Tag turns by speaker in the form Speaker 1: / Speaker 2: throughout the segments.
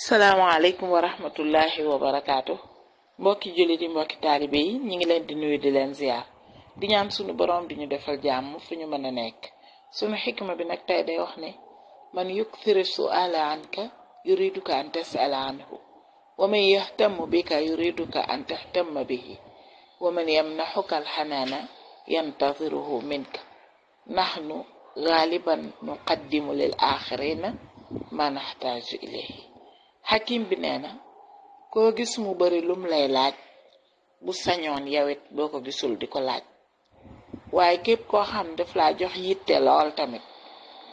Speaker 1: salaamaaleykum wa rahmatullahi wa barakaatu mbokki jullit yi mbokki taalibe yi ñu ngi leen di nuyu di leen ziar di ñaan sunu borom di ñu defal jàmm fu ñu mën a nekk sunu xikma bi nag tey day wax ne man yukthiru su'ala anka yuriduka an tas'ala anhu wa man yahtamu bika yuriduka an tahtamma bihi wa man yamnaxuka alxanaana yantaziruhu minka nahnu gaaliban nuqaddimu lil axirina ma naxtaaju ilayhi xakim bi nee na koo gis mu bari lum lay laaj bu sañoon yawit boo ko gisul di ko laaj waaye képp koo xam daf laa jox yitte lool tamit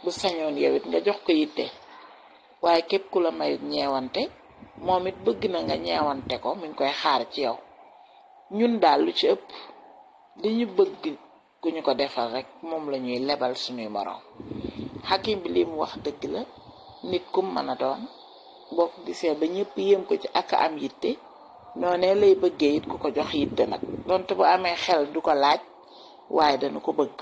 Speaker 1: bu sañoon yawit nga jox ko yitte waaye képp ku la mayut ñeewante moom it bëgg na nga ñeewante ko mi koy xaar ci yow ñun daal lu ci ëpp li ñu bëgg ku ñu ko defal rek moom lañuy lebal suñuy moroom xakim bi li mu wax dëgg la nit kum mën a doon boo ko gisee ba ñëpp yéem ko ci ak am yitte noonee lay bëggee it ku ko jox yitte nag donte bu amee xel du ko laaj waaye dana ko bëgg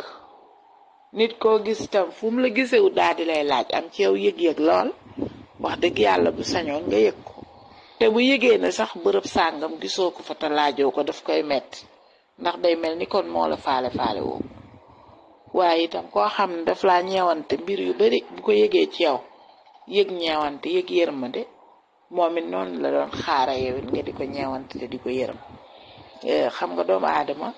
Speaker 1: nit koo gis tam fu mu la gisewu daal di lay laaj am ci yow yëg-yëg lool wax dëgg yàlla bu sañoon nga yëg ko te bu yëgee ne sax bërëb sàngam gisoo ko fa te laajoo ko daf koy metti ndax day mel ni kon moo la faale faale woo waaye itam koo xam ne daf laa ñeewante mbir yu bari bu ko yëgee ci yow yëg ñeewante yëg yërmande moom it noonu la doon xaara yow nga di ko ñeewante di ko yërëm eh, xam nga doomu aadama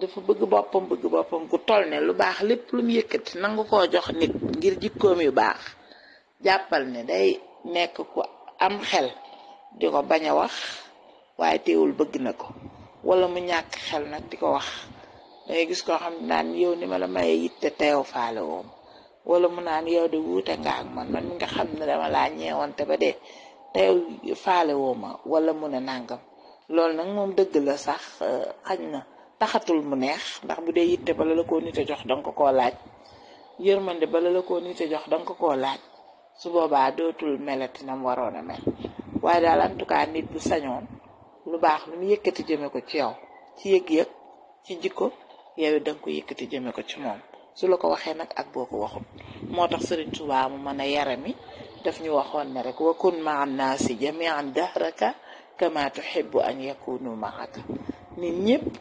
Speaker 1: dafa bëgg boppam bëgg boppam ku toll ne lu baax lépp lu mu yëkkati nangu koo jox nit ngir jikkoom yu baax jàppal ne day nekk ku am xel di ko bañ a wax waaye teewul bëgg na ko wala mu ñàkk xel nag di ko wax dangay gis koo xam ne naan yow ni ma la maye yitte teew faale woom wala mu naan yow de wute nga ak man man mi nga xam ne dama laa ñeewante ba dee te faale woo ma wala mu ne nàngam loolu nag moom dëgg la sax euh, xañ na taxatul mu neex ndax bu dee yitte bala la koo nite jox danga koo laaj yërmande bala la koo nite jox danga ko koo laaj su boobaa dootul mele melati nam waroon a mel waaye daal en tout cas nit bu sañoon lu baax lu mu yëkkati jëme ko ci yow ci yëg-yëg ci jikko yow da nga ko yëkkati jëme ko ci moom su la ko waxee nag ak boo ko waxul moo tax sëriñ tubaa mu mën yaram yi daf ñu waxoon ne rek wakun maa naasi jamian dahraka kama tuhibu an yakunu maaka nit ñépp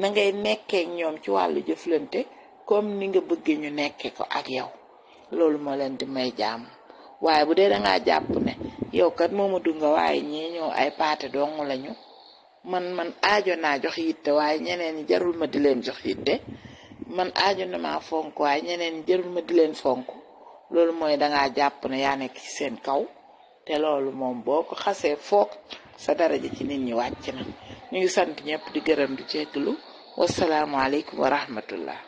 Speaker 1: na ngay nekkee ñoom ci wàllu jëflante comme ni nga bëggee ñu nekkee ko ak yow loolu moo leen di may jàmm waaye bu dee dangaa jàpp ne yow kat moomadu nga waaye ñii ñëw ay paate dong lañu man man aajo naa jox yitte waaye ñeneen ñi jarul ma di leen jox yitte man aaju na maa fonk waaye ñeneen jërul ma di leen fonk loolu mooy dangaa jàpp ne yaa nekk ci seen kaw te loolu moom boo ko xasee foog sa daraja ci nit ñi wàcc na ñu ngi sant ñëpp di gërëm di jégalu wasalaamualeykum wa rahmatullah